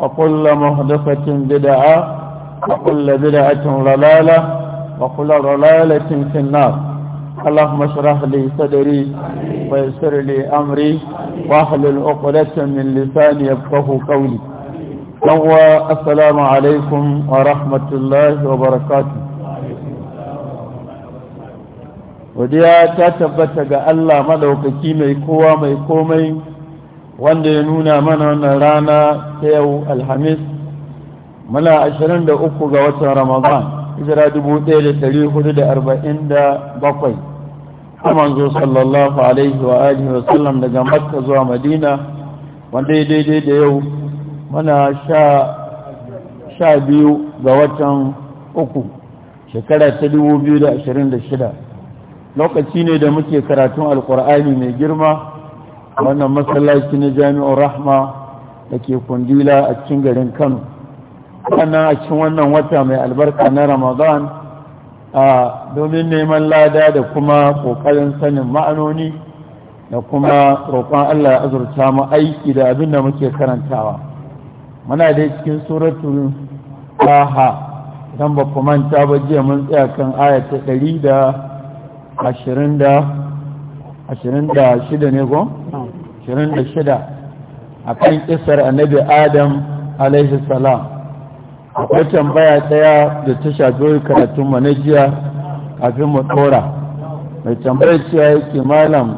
وكل مهدفة بدعة وكل بدعة ضلالة وكل ضلالة في النار اللهم اشرح لي صدري ويسر لي أمري واحلل عقدة من لساني يفقه قولي هو السلام عليكم ورحمة الله وبركاته وديا تتبت ga Allah madaukaki mai kowa mai komai wanda ya nuna mana wannan rana ta yau alhamis muna ashirin da uku ga watan ramadan hijira dubu ɗaya da da arba'in da bakwai manzo sallallahu alaihi wa alihi wa sallam daga makka zuwa madina wanda ya daidai da yau muna sha biyu ga watan uku shekara ta dubu biyu da ashirin da shida lokaci ne da muke karatun alkur'ani mai girma wannan masallaci na jami'un rahma da ke kundila a cikin garin kano sannan a cikin wannan wata mai albarka na ramadan a domin neman lada da kuma ƙoƙarin sanin ma'anoni da kuma roƙon allah ya azurta mu aiki da abin da muke karantawa muna dai cikin suratun taha don ba ku manta ba jiya mun tsaya kan aya ta ɗari da ashirin da ashirin da shida ne go? 26 a kan kisar annabi adam alaihi salam akwai tambaya ɗaya da ta shafi karatun manajiya kafin mu ɗora mai tambayar cewa yake malam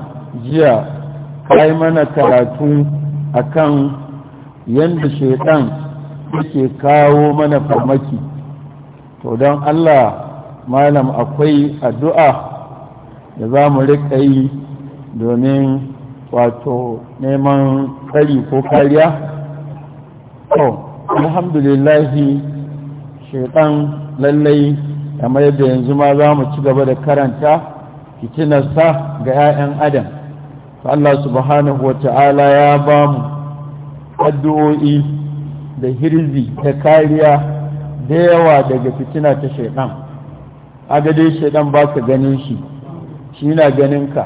jiya kai mana karatu a kan yadda shaidan yake kawo mana farmaki to don allah malam akwai addu'a da za mu riƙa yi domin wato neman kari ko kariya to alhamdulillahi shekan lallai kamar yadda yanzu ma za mu ci gaba da karanta fitinarsa ga 'ya'yan adam Allah subhanahu wa ta'ala ya ba mu addu'o'i da hirzi ta kariya da yawa daga fitina ta shekan a gade shaitan ba ka ganin shi shi na ganin ka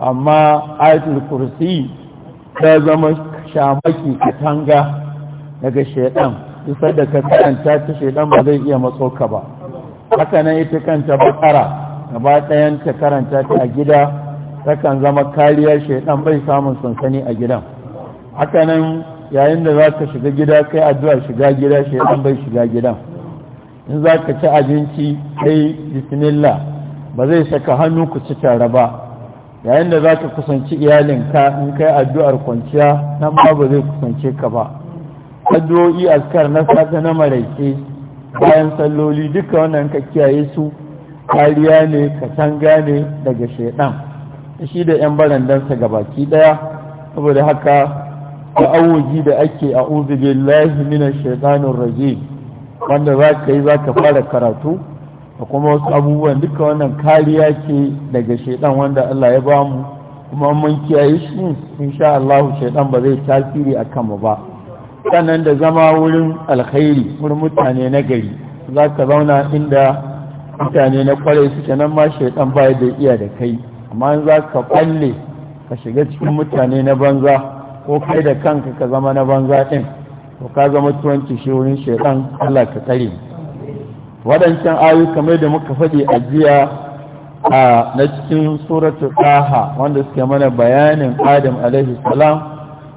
amma ayatul kursi ta zama shamaki katanga daga shaidan isar da ka karanta ta shaidan ba zai iya matsoka ka ba haka nan ita kanta bakara gaba ɗayan ta karanta ta a gida takan zama kariya shaidan bai samun sansani a gidan haka nan yayin da za ka shiga gida kai addu'a shiga gida shaidan bai shiga gidan in za ka ci abinci kai bismillah ba zai saka hannu ku ci tare ba yayin da za ka kusanci iyalinka in kai addu'ar kwanciya nan ba zai kusance ka ba addu'o'i askar na sata na maraice bayan salloli duka wannan ka kiyaye su kariya ne ka katanga ne daga shaidan shi da 'yan barandansa gabaki ɗaya saboda haka awoji da ake a uzubillahi minan shaitanun rajim wanda za ka yi za ka fara karatu da kuma wasu abubuwan duka wannan kariya ce daga shaidan wanda Allah ya bamu kuma mun kiyaye shi insha Allah shaidan ba zai tasiri a kanmu ba sannan da zama wurin alkhairi wurin mutane na gari za ka zauna inda mutane na kwarai suke nan ma shaidan ba da iya da kai amma za ka kwalle ka shiga cikin mutane na banza ko kai da kanka ka zama na banza din to ka zama tuwanci shi wurin shaidan Allah ka tsare mu waɗancan ayu kamar da muka faɗi a jiya a na cikin suratu ɗaha wanda suke mana bayanin adam alaihi salam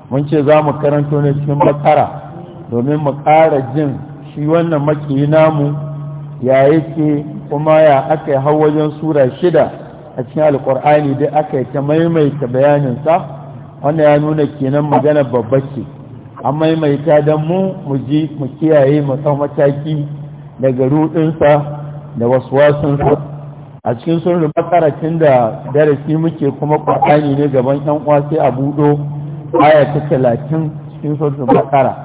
mun ce za mu karanto ne cikin bakara domin mu ƙara jin shi wannan makiyi namu ya yake kuma ya aka yi har wajen sura shida a cikin alƙur'ani dai aka yi ta maimaita bayaninsa wanda ya nuna kenan magana babba ce an maimaita don mu mu ji mu kiyaye mu mataki daga rudinsa da waswasinsa a cikin sun tun da darasi muke kuma ƙwaƙani ne gaban yan uwa sai a buɗo aya ta talatin cikin sun bakara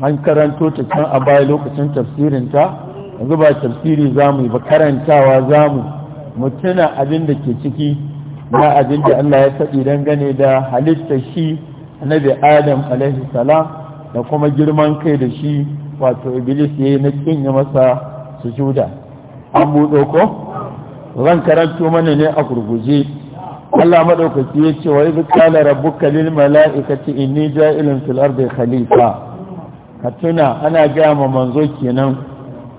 an karanto ta can a baya lokacin tafsirinta yanzu ba tafsiri za mu yi ba karantawa za mu mutuna abin da ke ciki na abin da Allah ya faɗi dangane da halitta shi annabi adam alaihi salam da kuma girman kai da shi wato iblis ya yi na kin ya masa sujuda an buɗo ko zan karanto mana ne a gurguje Allah madaukaki ya ce wa idh kala rabbuka lil mala'ikati inni ja'ilun fil ardi khalifa ka tuna ana ga ma manzo kenan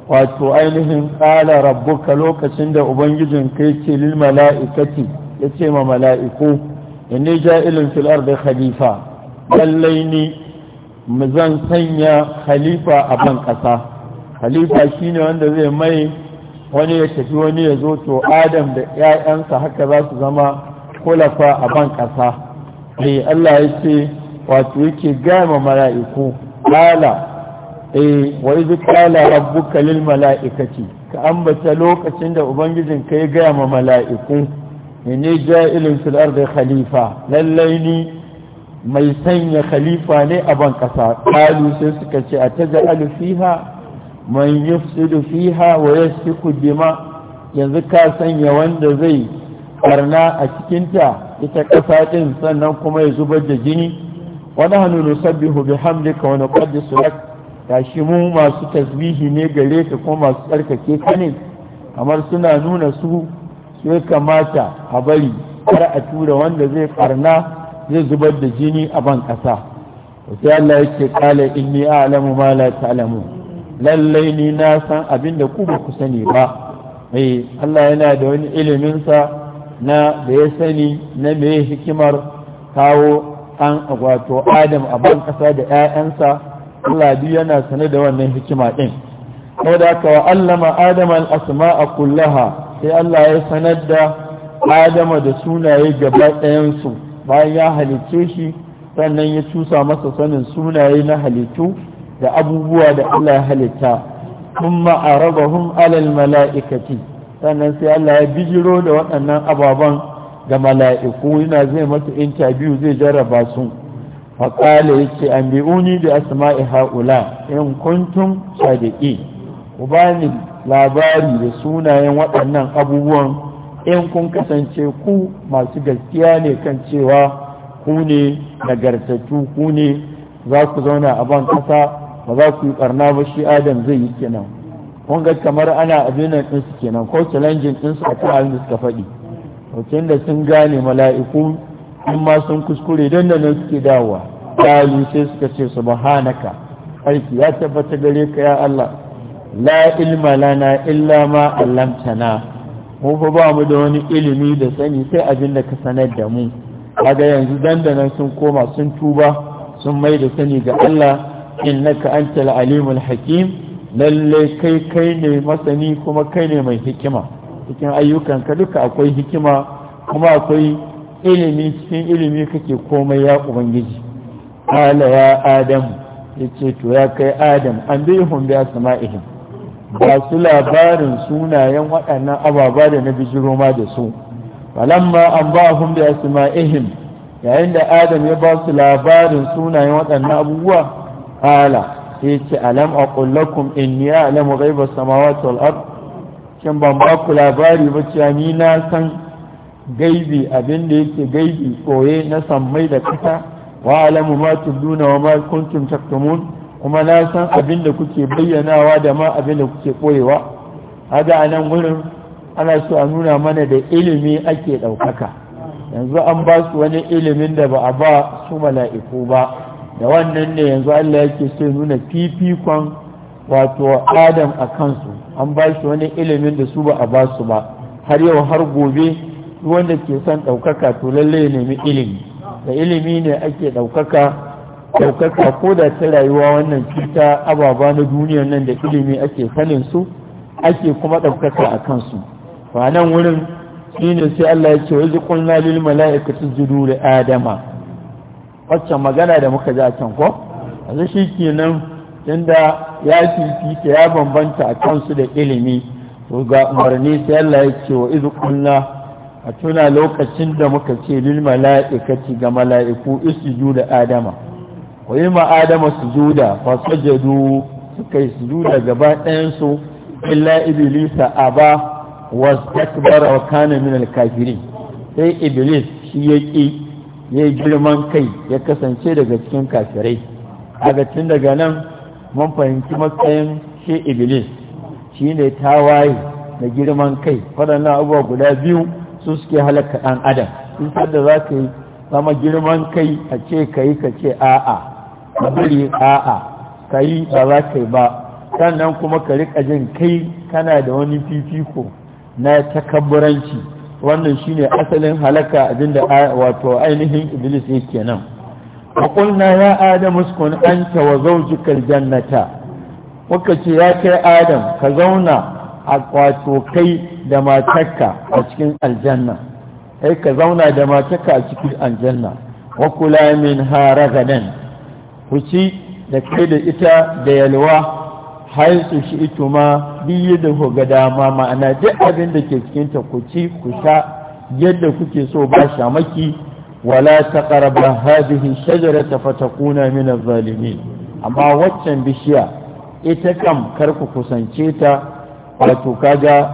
wato ainihin kala rabbuka lokacin da ubangijin kai ce lil mala'ikati yace ma mala'iku inni ja'ilun fil ardi khalifa lallai ni Mu zan sanya khalifa a ban ƙasa khalifa ne wanda zai mai wani ya tafi wani ya zo to adam da 'ya'yansa haka za su zama kulafa a ban ƙasa eh Allah ya ce wato yake gama mala'iku qala eh wa iz qala rabbuka lil mala'ikati ka ambata lokacin da ubangijin ka ya gama mala'iku ne ja'ilun fil ardi khalifa lallai ni mai sanya khalifa ne a ban kasa kalu sai suka ce a ja'alu fiha man yufsidu fiha wa yasfiku dima yanzu ka sanya wanda zai ƙarna a cikin ta ita kasa din sannan kuma ya zubar da jini wa nahnu nusabbihu bihamdika wa nuqaddisu lak tashi mu masu tasbihi ne gare ka kuma masu tsarkake ka ne kamar suna nuna su sai kamata a bari kar a tura wanda zai karna zai zubar da jini a ban ƙasa sai Allah yake kala inni a'lamu ma la ta'lamu lallai ni na san abin da ku ba ku sani ba eh Allah yana da wani ilimin sa na da ya sani na me hikimar kawo an wato Adam a ban ƙasa da ƴaƴansa Allah duk yana sane da wannan hikima din ko haka wa allama Adam al-asma'a kullaha sai Allah ya sanar da Adama da sunaye gaba ɗayan su bayan ya halicce shi sannan ya cusa masa sanin sunaye na halittu da abubuwa da Allah ya halitta kuma a rabahun alal mala'ikaci, sannan sai Allah ya bijiro da waɗannan ababen ga mala'iku yana zai masa intabiyu zai jarraba su faƙala ya ce an bi'uni da asma'i ha'ula in kuntum sadiqi ku bani labari da sunayen waɗannan abubuwan in kun kasance ku masu gaskiya ne kan cewa ku ne nagartattu ku ne za ku zauna a ban kasa ba za ku yi barna ba shi adam zai yi kenan kun ga kamar ana abin din su kenan ko challenging din su a kan da suka faɗi to da sun gane mala'iku in ma sun kuskure dan nan suke dawowa yi sai suka ce su subhanaka aiki ya tabbata gare ka ya Allah la ilma lana illa ma allamtana mu fa ba mu da wani ilimi da sani sai abin da ka sanar da mu kaga yanzu dandanan sun koma sun tuba sun mai da sani ga Allah innaka antal alimul hakim lalle kai kai ne masani kuma kai ne mai hikima cikin ayyukanka duka akwai hikima kuma akwai ilimi cikin ilimi kake komai ya ubangiji qala ya adam yace to ya kai adam an bihum bi asma'ihim ba su labarin sunayen waɗannan ababa da na bijiro ma da su falamma an ba hun da asma'ihim yayin da adam ya ba su labarin sunayen waɗannan abubuwa ala sai ce alam a kullakum inni ya alamu gaibar samawati wal ard kin ban ba ku labari ba cewa ni na san gaibi abin da yake gaibi koye na sammai da kasa wa alamu ma tuduna wa ma kuntum taktumun kuma na san abin da kuke bayyanawa da ma abin da kuke ɓoyewa haga a nan wurin ana so a nuna mana da ilimi ake ɗaukaka yanzu an ba su wani ilimin da ba a ba su mala'iku ba da wannan ne yanzu Allah yake so nuna fifikon wato adam a kansu an ba shi wani ilimin da su ba a ba su ba har yau har gobe wanda ke son ɗaukaka to lallai nemi ilimi da ilimi ne ake ɗaukaka daukaka ko da ta rayuwa wannan cuta ababa na duniyar nan da ilimi ake sanin su ake kuma ɗaukaka a kansu ba nan wurin shi sai Allah ya ce wa zikun lalil mala'ika su adama wacce magana da muka ji a can ko yanzu shi kenan nan tunda ya fifita ya bambanta a kansu da ilimi to ga umarni sai Allah ya ce wa a tuna lokacin da muka ce lil mala'ikati ga mala'iku isujudu da adama wa yi ma adama sujuda fa sajadu suka yi sujuda gaba ɗayan su illa iblisa aba wastakbara wa kana min alkafirin sai iblis shi ya ya girman kai ya kasance daga cikin kafirai daga tun daga nan mun fahimci matsayin shi iblis shi ne tawaye da girman kai waɗannan abubuwa guda biyu su suke halaka ɗan adam in da za ka yi zama girman kai a ce ka yi ka ce a'a zai yi a'a ka yi ba za ka yi ba sannan kuma ka rika jin kai kana da wani fifiko na takabburanci wannan shine asalin halaka abinda wato ainihin iblis yake nan wa qulna ya adam uskun anta wa zawjuka aljannata muka ce ya kai adam ka zauna a wato kai da matarka a cikin aljanna kai ka zauna da matarka a cikin aljanna wa kula min ragadan ku ci da kai da ita da yalwa har su shi ito ma biyu da dama ma'ana duk abin da ke cikinta ku ci ku sha yadda kuke so ba shamaki wala ta ƙaraba hadihi fata kuna mina zalimi amma waccan bishiya ita kam kar ku kusance ta wato kaga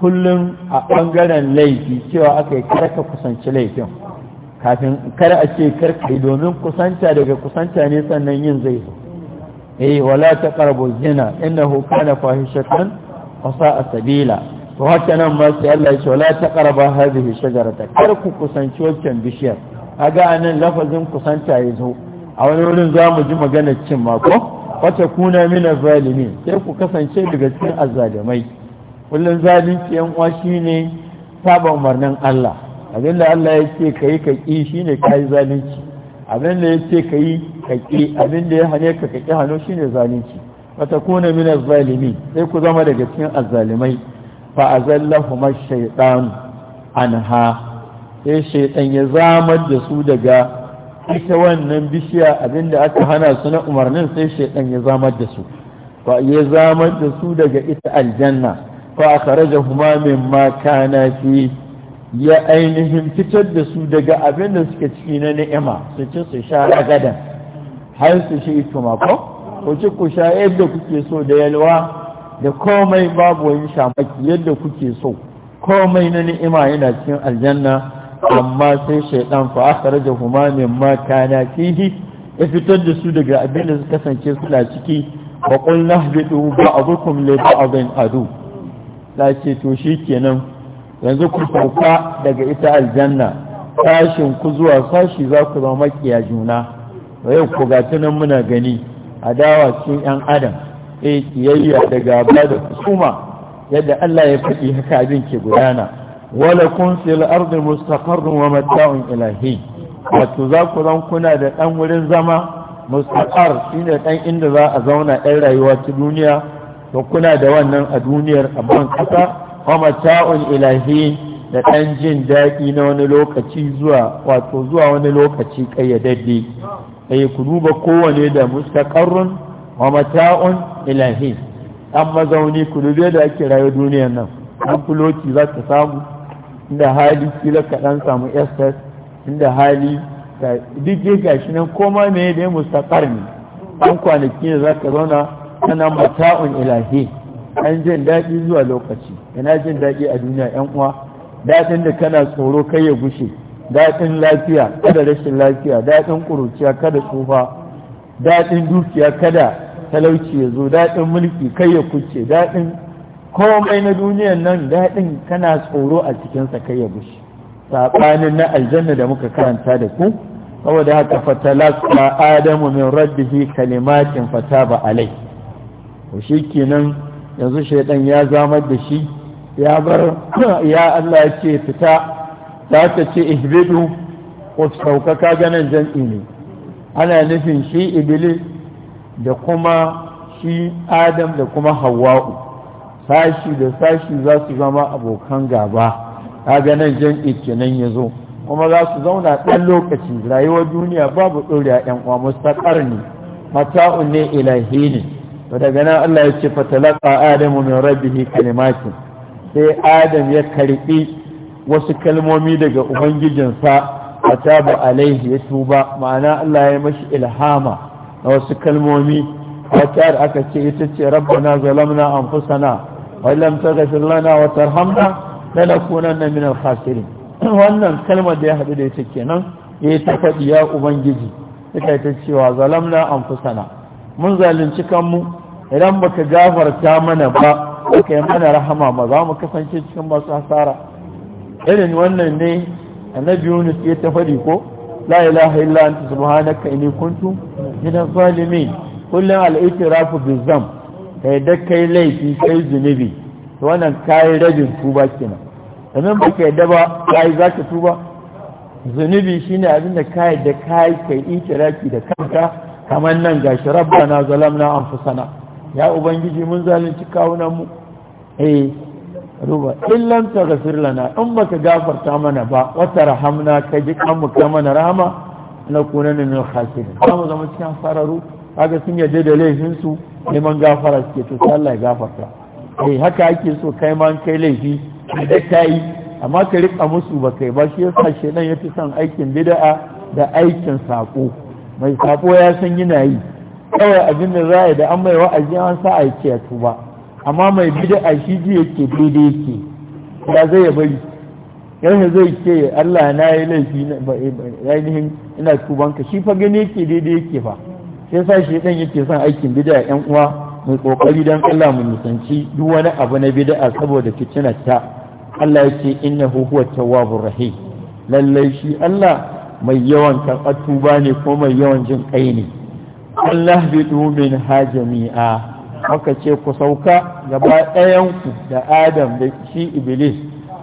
kullum a ɓangaren laifi cewa aka yi ka kusanci laifin kafin kar a ce kar kai domin kusanta daga kusanta ne sannan yin zai zo eh wala ta taqrabu zina innahu kana fahishatan wa sa'a sabila to haka nan ma sai Allah ya ce wala ta karba hadhihi shajarata kar ku kusanci wancan bishiyar kaga anan lafazin kusanta ya zo a wani wurin za mu ji magana cin mako wata kuna mina zalimi sai ku kasance daga cikin azzalumai kullum zalunci yan uwa shine saba umarnin Allah abin da Allah ya ce ka yi ka ƙi shi ne ka yi zalunci abin da ya ce ka yi ka ƙi abin da ya hane ka ka ƙi hannu shi ne zalunci wata kuna mina zalimi sai ku zama daga cikin azalimai. fa a azallahuma an anha sai shaidan ya zamar da su daga ita wannan bishiya abin da aka hana su na umarnin sai shaidan ya zamar da su fa ya zamar da su daga ita aljanna fa a akhrajahuma mimma kana fi ya ainihin fitar da su daga abin da suke ciki na ni'ima su ci su sha ragadan har su shi mako? ko ku ci ku sha yadda kuke so da yalwa da komai babu wani shamaki yadda kuke so komai na ni'ima yana cikin aljanna amma sai shaidan fa da huma ma kana fihi ya fitar da su daga abin da suka kasance suna ciki wa qulna ihbitu ba'dukum li ba'din adu la ce to shikenan yanzu ku sauka daga ita aljanna sashin ku zuwa sashi za ku zama makiya juna da yau ku ga tunan muna gani adawa cikin yan adam E, kiyayya da gaba da kusuma yadda Allah ya faɗi haka abin ke gudana wala kun fil ardi mustaqarrun wa mata'un ilahi wato za ku zan kuna da ɗan wurin zama mustaqar shine ɗan inda za a zauna ɗan rayuwa ta duniya to kuna da wannan a duniyar a ban kasa wa mata'un ilahi da ɗan jin daɗi na wani lokaci zuwa wato zuwa wani lokaci ƙayyadadde ɗaya eh, ku duba kowane da mustaƙarrun wa mata'un ilahi ɗan mazauni kudube da ake rayu duniyar nan ɗan kuloti za ka samu inda hali kila ka ɗan samu estes inda hali duk dai gashi nan koma me ne mustaƙar ne ɗan kwanaki ne za ka zauna kana mata'un ilahi an jin daɗi zuwa lokaci ina jin daɗi a duniya yan uwa daɗin da kana tsoro kai ya gushe daɗin lafiya kada rashin lafiya daɗin ƙuruciya kada tsufa daɗin dukiya kada talauci ya zo daɗin mulki kai ya kuce daɗin komai na duniyan nan daɗin kana tsoro a cikinsa kai ya gushe saɓanin na aljanna da muka karanta da ku saboda haka fatalaka adamu min rabbihi kalimatin fataba alai shi kenan yanzu shaidan ya zamar da shi ya bar ya Allah ya ce fita za ta ce ihbidu ko saukaka ganin jam'i ne ana nufin shi ibili da kuma shi adam da kuma hawa'u sashi da sashi za su zama abokan gaba kaga nan jam'i kenan ya zo kuma za su zauna ɗan lokaci rayuwar duniya babu a ‘yan uwa mustaƙar ne mata'un ne ilahi ne daga nan Allah ya ce fatalaka adamu min rabbihi kalimatin sai adam ya karbi wasu kalmomi daga ubangijinsa a taba alaihi ya tuba ma'ana Allah ya mashi ilhama na wasu kalmomi wata da aka ce ita ce rabbana zalamna anfusana wa lam taghfir lana wa tarhamna lanakunanna min al-khasirin wannan kalmar da ya hadu da ita kenan ya ta faɗi ya ubangiji ita ta cewa zalamna anfusana mun zalunci kanmu idan baka gafarta mana ba da ka yi mana rahama ma za mu kasance cikin masu hasara irin wannan ne annabi yunus ya ta faɗi ko la ilaha illa anta subhanaka inni kuntu minaz zalimin kullum al'itirafu bizam ka yi kai laifi kai zunubi to wannan kayi rabin tuba kenan domin ba ka yadda ba yi za ka tuba zunubi shine abin da ka yadda kayi kai itiraki da kanka kamar nan gashi rabbana zalamna anfusana ya ubangiji mun zalunci kawunan mu eh ruba illan ta gafir lana in baka gafarta mana ba wata rahamna ka ji kan mu kai mana rahama na kuna ne min khasirin za zama cikin fararu kaga sun yarda da laifin su neman gafara suke to sai Allah ya gafarta eh haka ake so kai ma kai laifi da kai amma ka rika musu ba kai ba shi yasa shedan yafi son aikin bid'a da aikin sako mai sako ya san yana yi kawai abin da za a yi da an mai wa'azi an sa a ce ya tuba amma mai bid'a shi ji yake daidai yake ba zai ya bari yanzu zai ce Allah na yi laifi eh, ainihin ina tubanka shi fa gani yake daidai yake ba. sai sa shi dan yake son aikin bid'a yan uwa mai kokari dan Allah mu nisanci duk wani abu na bid'a saboda fitina ta Allah yake innahu huwa tawwabur rahim lallai shi Allah mai yawan karɓar tuba ne ko mai yawan jin kai ne Allah bidu min ha jami'a muka ce ku sauka gaba ɗayanku da Adam da shi Iblis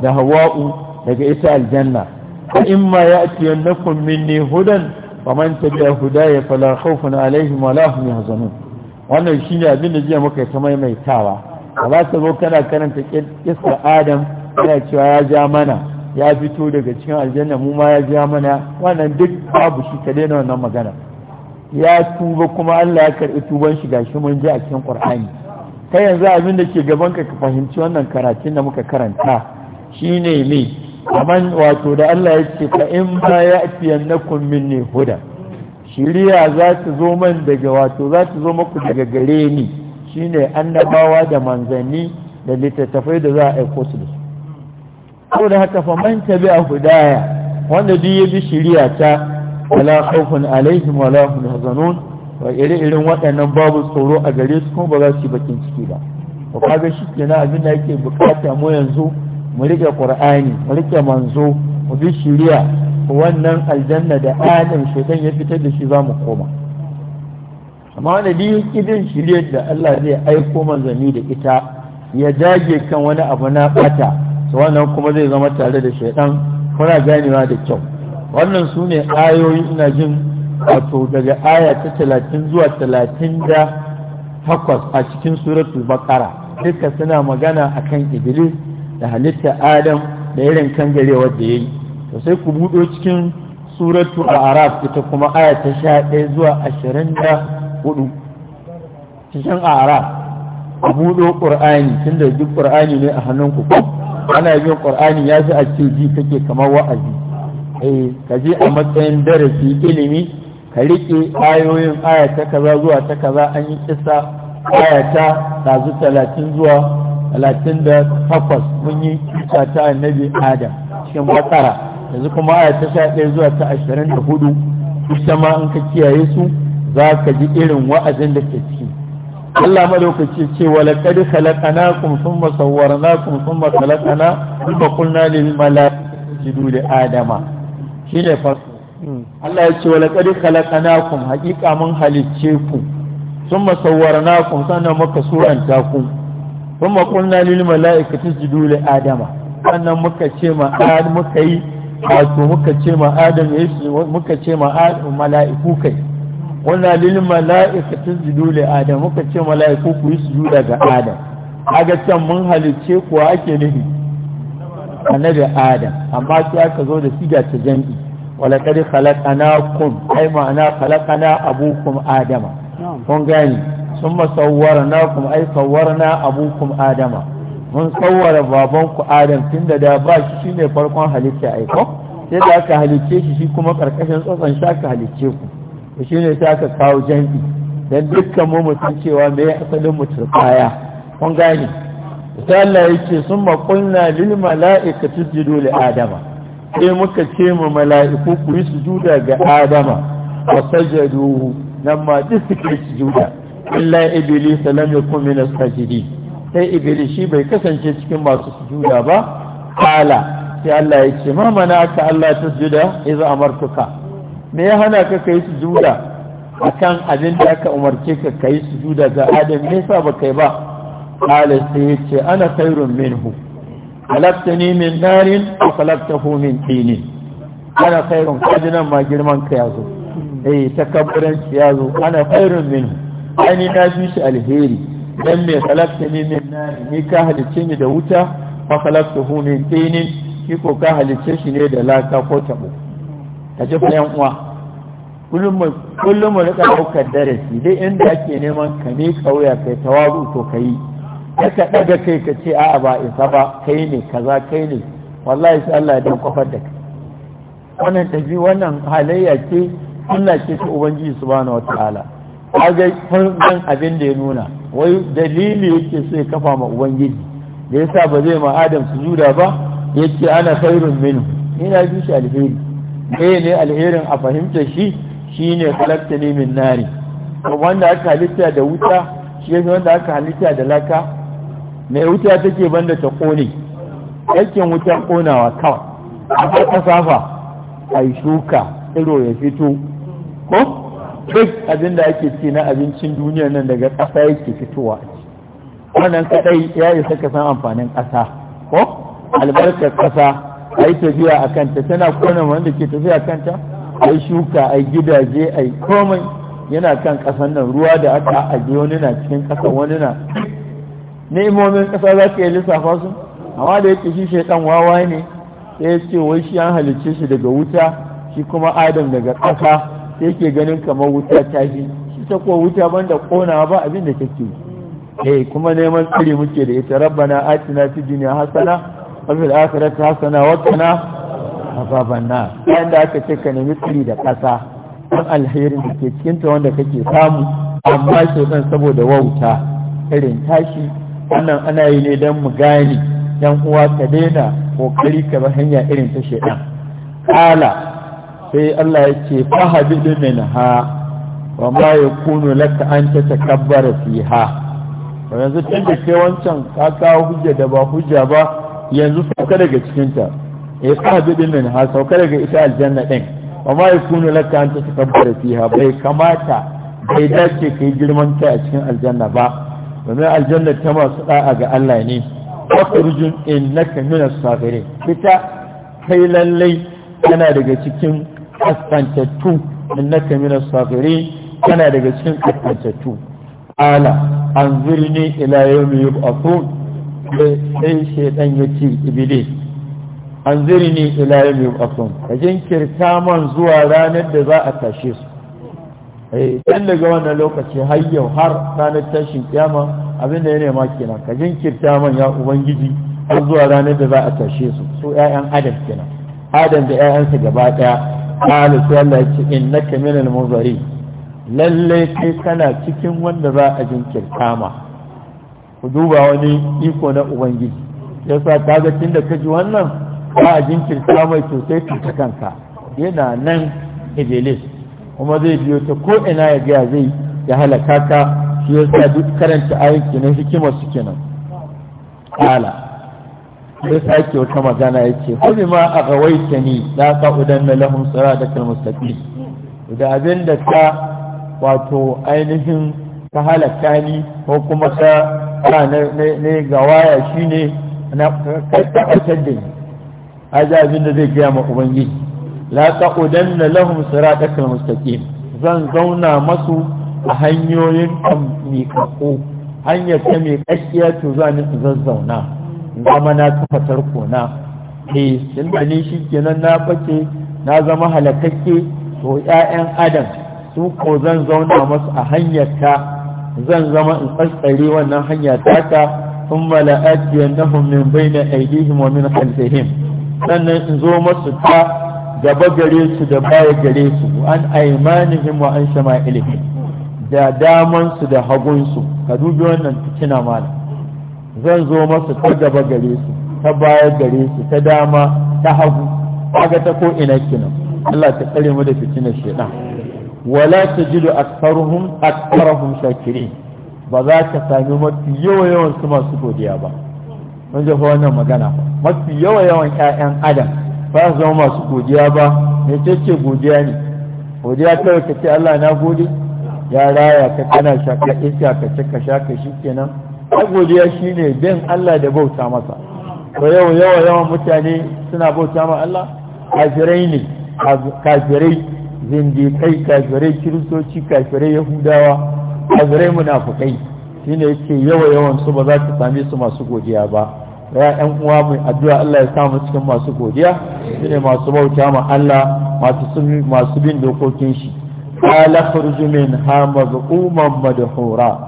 da Hawa'u daga ita aljanna fa imma ya'tiyannakum minni hudan faman tabi'a hudaya fala khawfun alaihim wala hum yahzanun wannan shine abin da jiya muka yi ta maimaitawa ba za ta zo kana karanta kisa Adam yana cewa ya ja mana ya fito daga cikin aljanna mu ma ya ja mana wannan duk babu shi ka daina wannan magana ya tuba kuma Allah ya karɓi tuban shi gashi mun ji a cikin Qur'ani kai yanzu abin da ke gaban ka ka fahimci wannan karatun da muka karanta shine me amma wato da Allah ya ce fa in ba ya'tiyannakum minni huda Shirya za ta zo man daga wato za ta zo muku daga gare ni shine annabawa da manzanni da littattafai da za a aiko su da su da haka fa man tabi'a hudaya wanda duk ya bi shiriya ta wala khawfun alaihim wala hum yahzanun wa ire-iren waɗannan babu tsoro a gare su kuma ba za su yi bakin ciki ba to kaga shi na abin da yake bukata mu yanzu mu rike qur'ani mu rike manzo mu bi shiriya wannan aljanna da adam shaitan ya fitar da shi za mu koma amma wanda bi kidin shiriyar da Allah zai aiko manzanni da ita ya dage kan wani abu na bata to wannan kuma zai zama tare da shaitan kuna ganewa da kyau wannan su ne ayoyi ina jin wato daga aya ta talatin zuwa talatin da takwas a cikin suratul bakara duka suna magana akan iblis da halitta adam da irin kangarewar da ya yi to sai ku buɗo cikin suratu araf ita kuma aya ta sha ɗaya zuwa ashirin da hudu cikin araf ku buɗo ƙur'ani tunda duk ƙur'ani ne a hannunku ana yin ƙur'ani ya fi a ce ji kake kamar wa'azi eh ka je a matsayin darasi ilimi ka riƙe ayoyin aya ta kaza zuwa ta kaza an yi kisa aya ta talatin zuwa talatin da takwas mun yi kisa ta annabi adam cikin matsara yanzu kuma ayata ta sha ɗaya zuwa ta ashirin da hudu kusa ma in ka kiyaye su za ka ji irin wa'azin da ke ciki Allah madaukaki ce wa laqad khalaqnakum thumma sawwarnakum thumma khalaqna thumma qulna lil malaƙi jidu da adama shi ne farko hmm. Allah ya ce wa laƙari nakun haƙiƙa mun halicce ku sun nakun sannan muka suranta ku sun maƙulna lil mala'ikati jidu li adama sannan muka ce ma adam muka yi wato muka ce ma adam ya yi muka ce ma adam mala'iku kai wannan lil mala'ikati jidu li adama muka ce mala'iku ku yi sujuda ga adam kaga can mun halicce ku ake nufi annabi adam amma sai aka zo da siga ta jam'i wala kadi kum ai ma'ana khalaqana abukum adama kun gani masawwarna kum ai sawwarna abukum adama mun sawwara ku adam tunda da ba shi shine farkon halitta ai ko sai da aka halicce shi shi kuma karkashin tsotsan shi aka halicce ku shi ne sai aka kawo jam'i dan dukkan mu mutuncewa cewa me asalin mu turkaya kun gani sai Allah ya ce sun maƙunna lil mala'ika tujidu li adama sai muka ce mu mala'iku ku yi sujuda ga adama wa sajadu nan ma duk suka yi sujuda illa iblis lam yakun min as sajidi, sai iblis shi bai kasance cikin masu sujuda ba kala sai Allah ya ce ma mana ka Allah ta tujuda idza amartuka me ya hana ka kai sujuda akan abin da aka umarce ka kai sujuda ga adam me yasa ba kai ba kala sai ya ce ana khairun minhu halattani min narin a halaktahu min tinin ana khairun kaji nan ma girman ka yazo eh takabburanci yazo ana khairun minhu ani na fi shi alheri dan me halattani min narin ni ka halicce ni da wuta a halaktahu min tinin shi ko ka halicce shi ne da laka ko tabo ka ji fa uwa kullum mu rika daukar darasi dai inda ake neman ka ne kauya kai tawazu to ka yi. ka ɗaga kai ka ce a'a ba isa ba kai ne kaza kai ne wallahi sai Allah ya dan kofar da kai wannan tafi wannan halayya ce Allah ce ta Ubangiji subhanahu wataala kaga farkon abin da ya nuna wai dalili yake so ya kafa ma Ubangiji da yasa ba zai ma Adam sujuda ba yake ana khairun minhu ina bi shi alheri eh ne alherin a fahimta shi shine khalaqtani min nari wanda aka halitta da wuta shi wanda aka halitta da laka mai wuta take banda ta kone aikin wutan konawa kawai amma safa a yi shuka tsiro ya fito ko duk abin da ake ce na abincin duniya nan daga ƙasa yake fitowa wannan kadai ya isa ka san amfanin ƙasa ko albarkar ƙasa a yi tafiya a kanta tana kone wanda ke tafiya a kanta a yi shuka a gidaje a yi komai yana kan ƙasan nan ruwa da aka ajiye wani na cikin ƙasa wani na ni'imomin ƙasa za ka yi lissafa su amma da yake shi shaidan wawa ne sai ya ce wai shi an halicce shi daga wuta shi kuma adam daga ƙasa sai ke ganin kamar wuta ta shi shi ta kuwa wuta ban da ƙonawa ba abin da ke. eh kuma neman tsiri muke da ita rabbana atina fi dunya hasana wa fil akhirati hasana wa qina azaban nar bayan da aka ce ka nemi tsiri da ƙasa dan alherin da ke cikin ta wanda kake samu amma shi saboda wauta irin tashi wannan ana yi ne don mu gane Yan uwa ka daina kokari ka bi hanya irin ta shaidan kala sai Allah ya ce fahabi ha wa ma yakunu laka an tatakabbara fiha to yanzu tun da kai wancan ka kawo hujja da ba hujja ba yanzu sauka daga cikin ta eh fahabi ha sauka daga ita aljanna din wa ma yakunu laka an tatakabbara fiha bai kamata bai dace kai girman ta a cikin aljanna ba domin aljanna ta masu da'a ga Allah ne in innaka minas sabirin fita kai lallai kana daga cikin kaskantattu innaka minas sabirin kana daga cikin kaskantattu ala anzirni ila yawmi yub'athun sai shedan yace iblis anzirni ila yawmi yub'athun ka jinkirta man zuwa ranar da za a tashe su Eh, tun daga wannan lokaci har yau har ranar tashin kyama abinda ya nema kenan ka jinkirta man ya ubangiji har zuwa ranar da za a tashe su su ƴaƴan adam kenan adam da ƴaƴansa gaba ɗaya qalu su Allah ya ce innaka minal munzari lalle kai kana cikin wanda za a jinkirta ma ku duba wani iko na ubangiji yasa kaga tun da ka ji wannan ba a jinkirta mai sosai ta kanka yana nan ibilis kuma zai biyo ta ko ina ya gaya zai ya halaka ka shi yasa duk karanta ayin kenan hikimar su kenan kala sai sake wata magana yace kulli ma aghawaita ni la qa'idanna lahum siratal mustaqim da abin da ka wato ainihin ka halaka ni ko kuma ka ka ne gawaya shine na ka da ni aja abin da zai gaya ma ubangiji la taqudanna lahum siratal mustaqim zan zauna masu a hanyoyin ko hanyar ta mai ƙashiya to za ni zazzauna zama na kafa tarko na eh tun da ni shi kenan na fake na zama halakakke to ƴaƴan adam su ko zan zauna masu a hanyar ta zan zama in tsatsare wannan hanya ta ta ثم bai na بين wa min خلفهم sannan in zo masu ta gaba gare su da baya gare su an aimanihim wa an shama'ilihim da daman su da hagun su ka dubi wannan fitina mala zan zo masu ta gaba gare su ta baya gare su ta dama ta hagu kaga ta ko ina kinan Allah ta kare mu da fitinar shedan wala tajidu aktharuhum aktharuhum shakirin ba za ka sami mafi yawa yawan su masu godiya ba mun jafa wannan magana mafi yawa yawan ƴaƴan adam ba su zama masu godiya ba mai ce godiya ne godiya kawai ka ce Allah na gode ya raya ka kana shaka iska ka ce ka shaka shi kenan ai godiya shi ne bin Allah da bauta masa ko yau yawa yawan mutane suna bauta ma Allah kafirai ne kafirai zindikai kafirai kiristoci kafirai yahudawa kafirai munafukai shine yake yawa yawan su ba za ka same su masu godiya ba ya ɗan uwa mai addu'a Allah ya sa mu cikin masu godiya shi ne masu bauta ma Allah masu bin dokokin shi ala khurju min ha mazquman madhura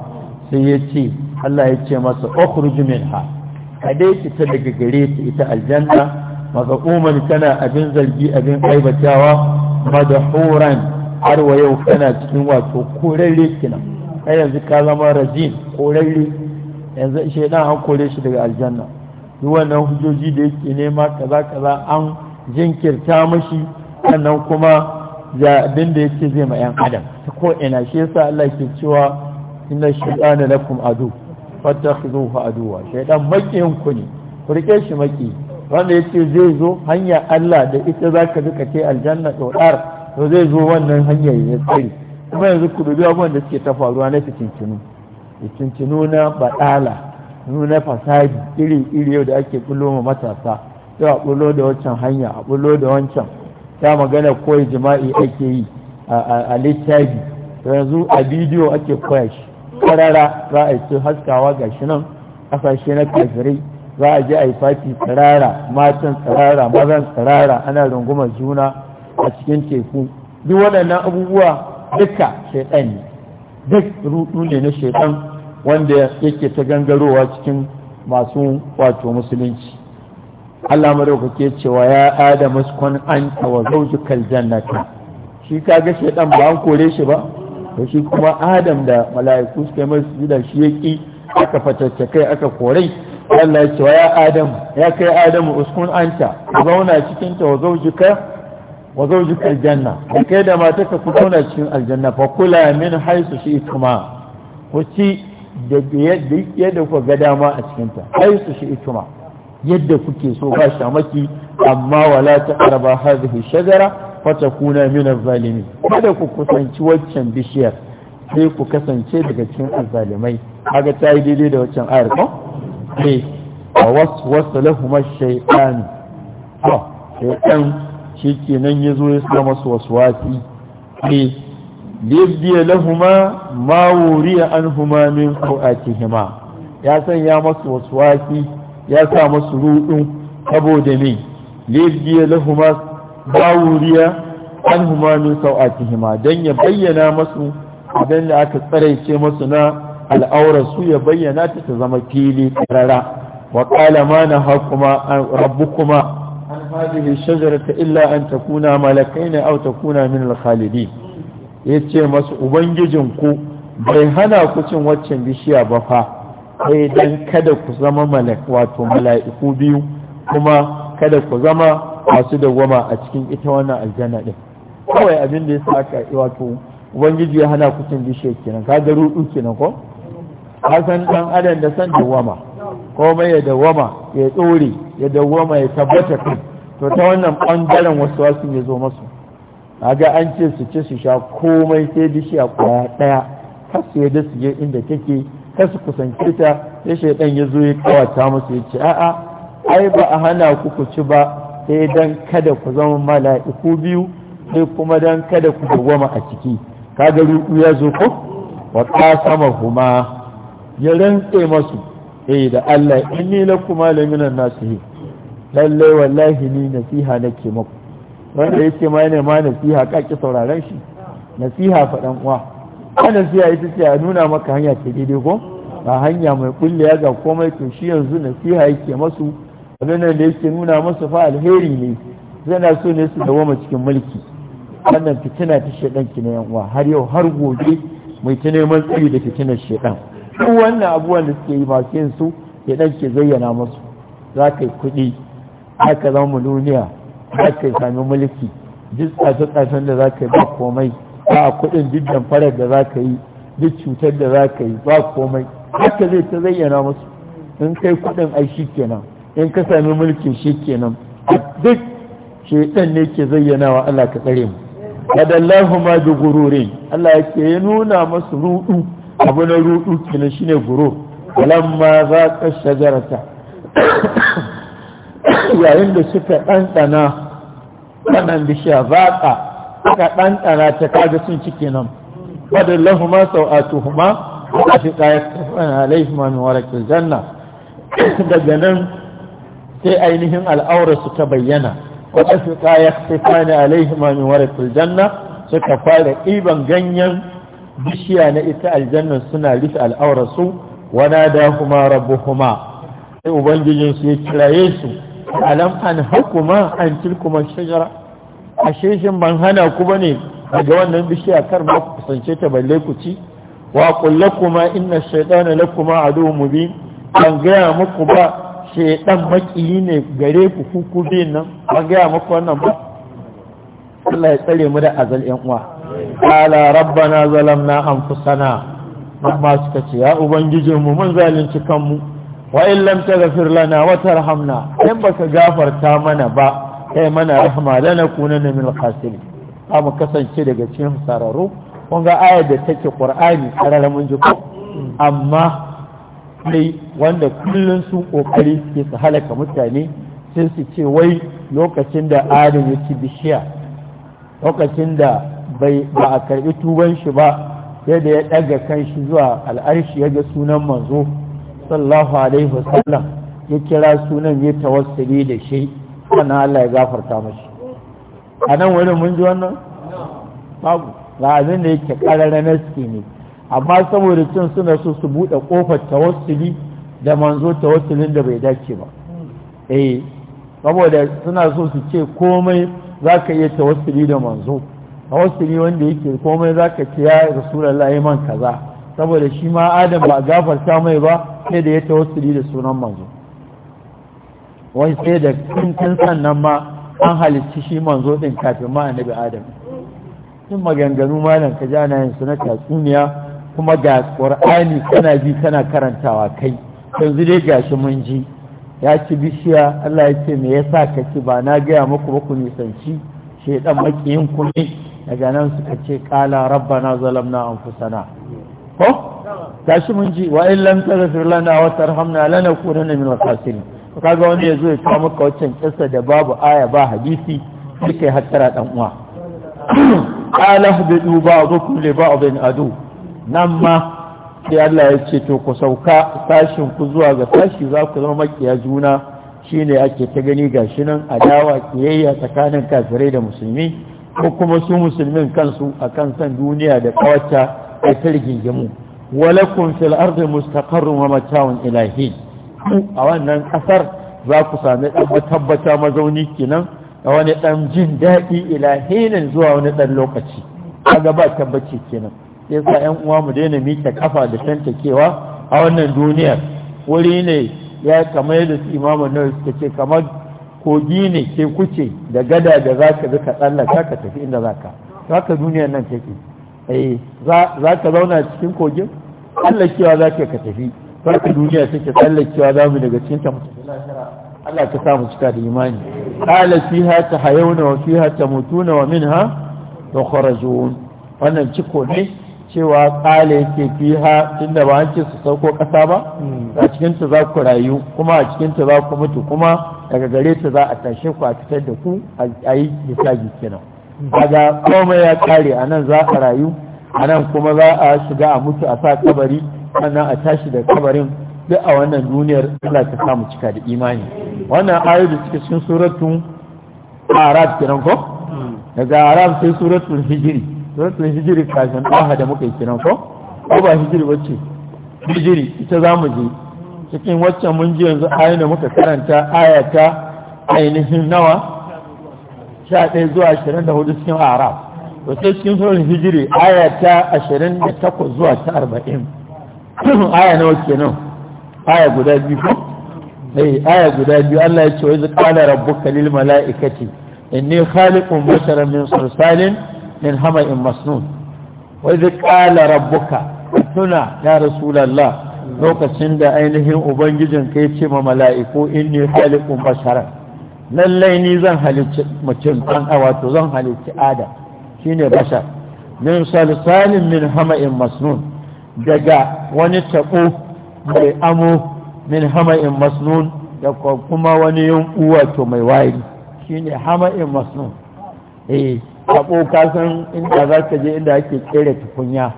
sai yace Allah ya ce masa min ha ka dai ta daga gare ta ita aljanna mazquman tana abin zargi abin aibatawa madhuran har wa yau kana cikin wato korarre kina kai yanzu ka zama rajin korarre yanzu shedan an kore shi daga aljanna duk wannan hujjoji da yake nema kaza kaza an jinkirta mashi sannan kuma ya abin da yake zai ma yan adam ta ko ina shi yasa Allah ke cewa inna shaytana lakum adu fattakhizuhu aduwa shaytan makiyin ku ne ku shi maki wanda yace zai zo hanya Allah da ita zaka duka kai aljanna to dar to zai zo wannan hanya ya tsari kuma yanzu ku dubi abin da suke ta faruwa na cikin cinu na badala nuna fasadi iri iri yau da ake bulo ma matasa yau a bullo da wancan hanya a bulo da wancan ta magana koyi jima'i ake yi a littafi yanzu a bidiyo ake koya shi karara za a yi haskawa ga shi nan kasashe na kafirai za a je a yi fati tsirara matan tsirara mazan tsirara ana rungumar juna a cikin teku duk waɗannan abubuwa duka shaiɗan ne duk rudu ne na shaiɗan wanda yake ta gangarowa cikin masu wato musulunci Allah ke cewa ya adam uskun an wa zawjukal jannata shi ka ga shedan ba an kore shi ba to shi kuma adam da mala'iku suka yi masa da shi yaki aka fatacce kai aka kore Allah ya cewa ya adam ya kai adam uskun anta zauna cikin ta wa zaujuka wa zawjukal janna kai da ka ku zauna cikin aljanna fa kula min haythu kuma ku ci da yadda kuka ga dama a cikinta ai su shi ituma yadda kuke so ba shamaki amma wala ta karba hadhihi shajara fata kuna min zalimi kada ku kusanci waccan bishiyar sai ku kasance daga cikin azzalimai kaga ta yi daidai da waccan ayar ko sai eh, a wasu wasu lahumar shaitan shaitan shi kenan ya zo ya sa masu wasu wasi eh, liyabdiya lahuma ma wuriya huma min fu'atihima ya sanya masu wasi ya sa masu rudun saboda me liyabdiya lahuma ma wuriya huma min sau'atihima dan ya bayyana masu idan da aka tsaraice masu na al'aurarsu ya bayyana ta ta zama fili karara wa qala ma rabu kuma an hadhihi shajarata illa an takuna au ta takuna min al ya ce masu ubangijinku bai hana ku cin waccan bishiya ba fa sai dan kada ku zama malak wato mala'iku biyu kuma kada ku zama masu dawwama a cikin ita wannan aljanna din kawai abin da ya sa yi wato ubangiji ya hana ku cin bishiya kenan ka ga rudu kenan ko san dan adam da san dawwama komai ya dawwama ya dore ya dawwama ya tabbata kai to ta wannan bangaren wasu wasu ya zo masu a ga an ce su ci su sha komai sai a kwaya ɗaya kar su yadda su je inda take kar su kusance ta ya shaidan ya zo ya kawata musu ya ce a'a ai ba a hana ku ku ci ba sai dan kada ku zama mala'iku biyu sai kuma dan kada ku dawwama a ciki kaga ruku ya zo ko wa qasama huma ya rantse masu eh da Allah inni lakuma laminan nasihi lallai wallahi ni nasiha nake maku wanda ya ce ma yana ma nasiha Ka kaki sauraren shi nasiha faɗan uwa a nasiha ita ce a nuna maka hanya ta daidai ko ba hanya mai ya ga komai to shi yanzu nasiha yake masu abin da yake nuna masu fa alheri ne zana so ne su ma cikin mulki wannan fitina ta shedan ki na yan uwa har yau har gobe mai ta neman tsari da fitinar shedan duk wannan abubuwan da suke yi ba su su ke zayyana masu za ka yi kuɗi za ka zama duniya za ka sami mulki duk tsasen da za ka yi ba komai ba kuɗin duk damfarar da za ka yi duk cutar da za ka yi ba komai haka zai ta zayyana musu in kai kuɗin ai shi kenan in ka sami mulki shi kenan duk dan ne ke zayyana wa Allah ka tsare mu kadallahu ma bi gururin Allah yake ya nuna musu rudu abu na rudu kenan shine guru lamma za ka shajarata yayin da suka ɗanɗana wannan bishiya zaƙa suka ɗanɗana ta kaga sun ciki nan wadda lahuma sau a fi ƙayar tafin alaihima min warakin janna daga nan sai ainihin al'aurarsu ta bayyana wadda fi ƙayar tafin alaihima min warakin janna suka fara ɗiban ganyen bishiya na ita aljanna suna rufe al'aurarsu wana da kuma rabu kuma sai ubangijinsu ya kiraye su alam an hukuma an tilkuma shajara ashe shin ban hana ku bane daga wannan bishiya kar ba ku kusance ta balle ku ci wa qul kuma inna shaytana lakuma aduwwun mubin ban gaya muku ba shaytan makiyi ne gare ku ku kube nan ban gaya muku wannan ba Allah ya tsare mu da azal yan uwa qala rabbana zalamna anfusana mamma suka ce ya ubangijinmu mun zalunci kanmu wa'in lamta da lana watar hamna in ba ka gafarta mana ba kai mana rahma da na kuna na mil kasiri mu kasance daga cikin sararru kun ga ayar da take ƙur'ani ƙararra mun ko. amma ne wanda kullum su ƙoƙari suke su halaka mutane sai su ce wai lokacin da adam ya ci bishiya lokacin da ba a karɓi tuban shi ba da ya ɗaga kan shi zuwa al'arshi ya ga sunan manzo sallallahu alaihi wasallam ya kira sunan ya tawassuli da shi wannan Allah ya gafarta mashi a nan wurin mun ji wannan babu ga abin da yake karara naski ne amma saboda cin suna so su buɗe ƙofar tawassuli da manzo tawassulin da bai dace ba eh saboda suna so su ce komai za ka iya tawassuli da manzo tawassuli wanda yake komai za ka ce ya rasulallah man kaza saboda shi ma adam ba gafarta mai ba sai da ya tawassuli da sunan manzo wai sai da san sannan ma an halicci shi manzo din kafin ma annabi adam Tun maganganu malam ka ja na yin na tatsuniya kuma ga ƙwar'ani kana ji kana karantawa kai yanzu dai gashi mun ji ya ci bishiya Allah ya ce me yasa ka ci ba na gaya muku ba ku nisanci shaidan makiyin ku ne daga nan suka ce kala rabbana zalamna anfusana ko tashi mun ji wa in lam taghfir lana wa tarhamna lanakunanna min al-khasirin kaga wanda yazo ya kawo maka waccan kissa da babu aya ba hadisi kike hattara dan uwa qala hadu ba'dukum li ba'din adu nan ma sai Allah ya ce to ku sauka sashin ku zuwa ga tashi za ku zama makiya juna shine ake ta gani gashi nan adawa kiyayya tsakanin kafirai da musulmi ko kuma su musulmin kansu akan san duniya da kawata a ta rigingimu walakun fil ardi mustaqarrun wa mata'un ilahi a wannan kasar za ku sami dan tabbata mazauni kenan a wani ɗan jin daɗi ilahinin zuwa wani dan lokaci kaga ba tabbaci kenan sai sa ƴan uwa mu daina miƙe kafa da tantakewa a wannan duniyar wuri ne ya kamar yadda su imamu nawawi suka ce kamar kogi ne ke kuce da gada da zaka zaka tsallaka ka tafi inda zaka haka duniyar nan take eh za ka zauna cikin kogin tsallakewa za ka ka tafi farka duniya take tsallakewa za mu daga cikin ta Allah ka sa cika da imani qala fiha tahayuna wa fiha mutuna wa minha tukhrajun wannan ciko ne cewa qala yake fiha tunda ba an ce su sauko ƙasa ba hmm. a cikin za ku rayu kuma a cikin za ku mutu kuma daga gare ta za a tashe ku a fitar da ku a yi hisabi kenan daga komai ya kare a nan za a rayu a nan kuma za a shiga a mutu a sa kabari sannan a tashi da kabarin duk a wannan duniyar Allah ta samu cika da imani wannan ayoyi da suke cikin suratun arab kiran ko daga arab sai suratul hijiri suratul hijiri kafin aha da muka yi kiran ko ko ba hijiri wacce hijiri ita za mu je cikin waccan mun ji yanzu ayoyin da muka karanta ayata ainihin nawa sha ɗaya zuwa ashirin da hudu cikin arab wasu sai cikin surar hijiri aya ta ashirin da takwas zuwa ta arba'in aya nawa nan aya guda biyu ko eh, aya guda biyu Allah ya ce wa iz qala rabbuka lil mala'ikati inni khaliqun basharan min salsalin min in masnun wa iz qala ka tuna ya rasulullah lokacin da ainihin ubangijin ka ya ce ma mala'iku inni khaliqun basharan lallai ni zan halicci mutum ɗan wato zan halicci adam shine bashar min salsalin min hama'in masnun daga wani taɓo mai amo min hama'in masnun da kuma wani yunƙu wato mai wari shine hama'in masnun eh taɓo kasan inda za ka je inda ake kera tukunya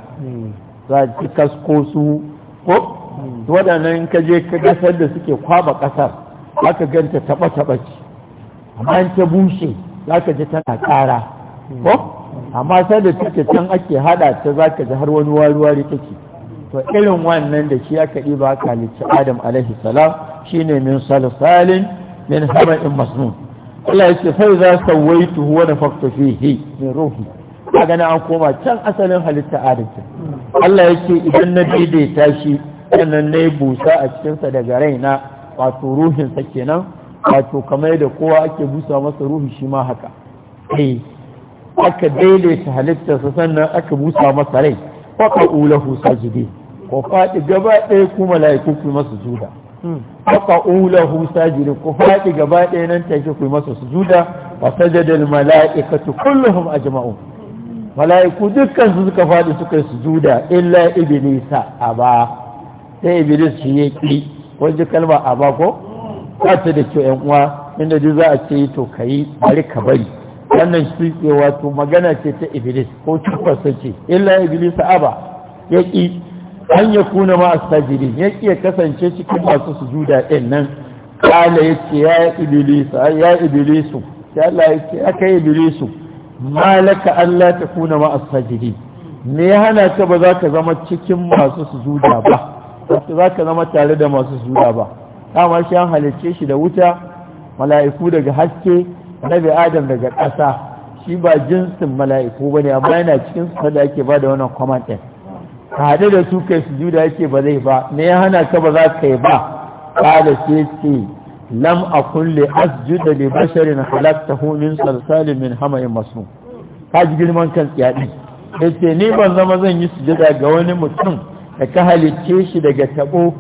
za ki kasko su ko hmm. waɗannan ka je ka gasar da suke kwaba ƙasar aka ganta taɓa-taɓa ce amma in ta bushe za ka ji tana ƙara ko amma sai da take can ake hada ta za ka ji har wani waruwari take to irin wannan da shi aka ɗiba aka halicci adam alaihi salam shine min salsalin min hama'in masnun Allah ya ce sai za waitu huwa na fakta fihi min ruhi ka gani an koma can asalin halitta adam Allah ya ce idan na daidaita shi sannan na yi busa a cikinsa daga raina wato ruhinsa kenan wato kamar da kowa ake busa masa ruhu shi ma haka eh aka daidaita halittarsa sannan aka busa masa rai faka ulahu sajidi ko faɗi gaba ɗaya ku mala'iku ku masa sujuda hmm. faka ulahu sajidi ko faɗi gaba ɗaya nan take ku masa sujuda fa sajada al mala'ikatu kulluhum ajma'un mala'iku dukkan su suka faɗi suka yi sujuda illa iblisa aba sai iblis shi yake wajen kalma aba ko ba ta da kyau yan uwa inda duk za a ce to ka yi, bari ka bari wannan shi ce wato magana ce ta iblis ko tufarsa ce illa iblis aba ya ƙi an ya kuna ma sajiri ya ƙi ya kasance cikin masu sujuda ɗin nan kala ya ce ya iblisu ya iblisu ya Allah ya ce aka yi malaka Allah ta kuna ma sajiri me ya hana ka ba za ka zama cikin masu sujuda juda ba za ka zama tare da masu sujuda ba dama shi an halicce shi da wuta mala'iku daga haske nabi adam daga ƙasa shi ba jinsin mala'iku ba ne amma yana cikin su da ake ba da wannan command ɗin ka haɗu da su kai su juda yake ba zai ba me ya hana ka ba za ka yi ba da ce ce lam a kulle asjuda li basharin halaktahu min salsalin min hama'in masu ka ji girman kan tsiyaɗi yace ni ban zama zan yi sujada ga wani mutum da ka halicce shi daga taɓo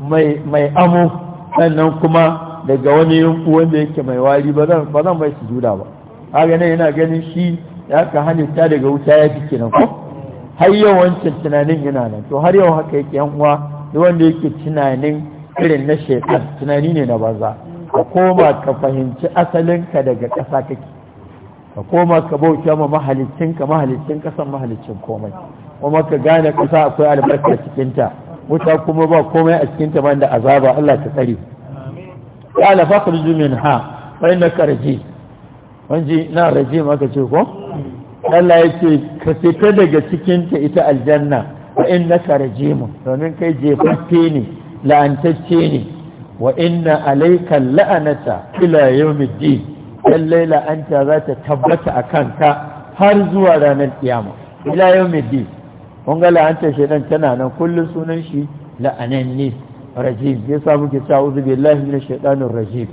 mai amo sannan kuma daga wani yunku wanda yake mai wari ba zan ba su bai ba haka nan yana ganin shi ya ka halitta daga wuta ya fi kenan ko har wancan tunanin yana nan to har yau haka yake yan uwa duk wanda yake tunanin irin na shekar tunani ne na baza ka koma ka fahimci asalinka daga ƙasa kake ka koma ka bauta ma mahalicin ka mahalicin ƙasan mahalicin komai kuma ka gane ƙasa akwai albarka cikinta wuta kuma ba komai a cikin taban da azaba Allah ta tsare qala fakhruj minha fa innaka rajim wanji na rajim aka ce ko Allah ce ka fita daga cikin ta ita aljanna fa innaka rajim domin kai jefaffe ne la'antacce ne wa inna alayka la'anata ila yawmiddin lallai la'anta za ta tabbata kan ka har zuwa ranar kiyama ila yawmiddin kun ga la'antar shaidan tana nan kullum sunan shi la'ananne rajim ya sa muke ta uzu billahi min shaitanir rajim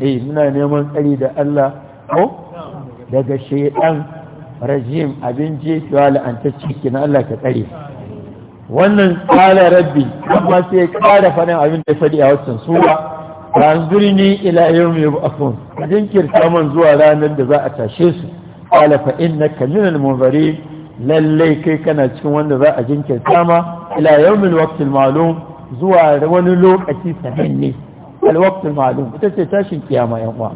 eh muna neman tsari da Allah ko daga shaidan rajim abin jefewa la'antacce cikin Allah ka tsare wannan tsara rabbi amma sai ya kara faɗin abin da fadi a watan sura ranzurni ila yau mai bu'afun jinkirta man zuwa ranar da za a tashe su ƙala fa innaka minal munzari lallai kai kana cikin wanda za a jinkirta ma ila yawmil waqtil ma'lum zuwa wani lokaci sananne al waqtil ma'lum ita ce tashin kiyama yan uwa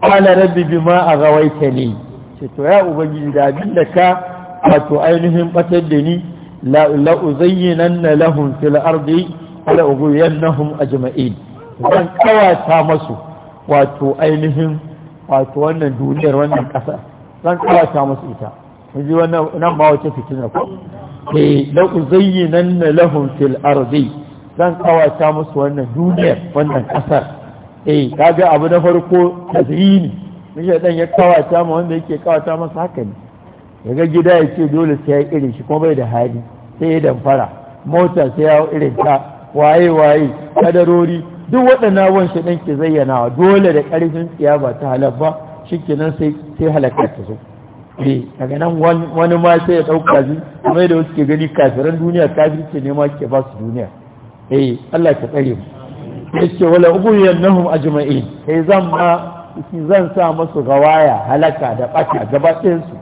qala rabbi bima aghawaitani ce to ya ubangiji da abin da ka wato ainihin batar da ni la la uzayyinanna lahum fil ardi wala ughwiyannahum ajma'in zan kawata masu wato ainihin wato wannan duniyar wannan kasa zan kawata masu ita ji wannan ba wace fitina ko ke eh, la'uzayyinan na lahun fil arzi zan kawata musu wannan duniyar wannan kasar eh kaga abu na farko tazini mishi dan ya kawata mu wanda yake kawata masa haka ne yaga gida ya ce dole sai ya irin shi kuma bai da hali sai ya damfara mota sai ya irin ta waye waye kadarori duk waɗannan abubuwan shi ki ke zayyanawa dole da ƙarfin tsiya ba ta halabba shikenan kenan sai halakar ta zo eh daga nan wani ma sai ya ɗauka su kuma da wasu ke gani kafiran duniya kafin ce nema ke ba su duniya eh Allah ka tsare mu ya ce wala ubuyan nahum ajma'in sai eh, zan ma zan sa masu gawaya halaka da ɓata gaba ɗin su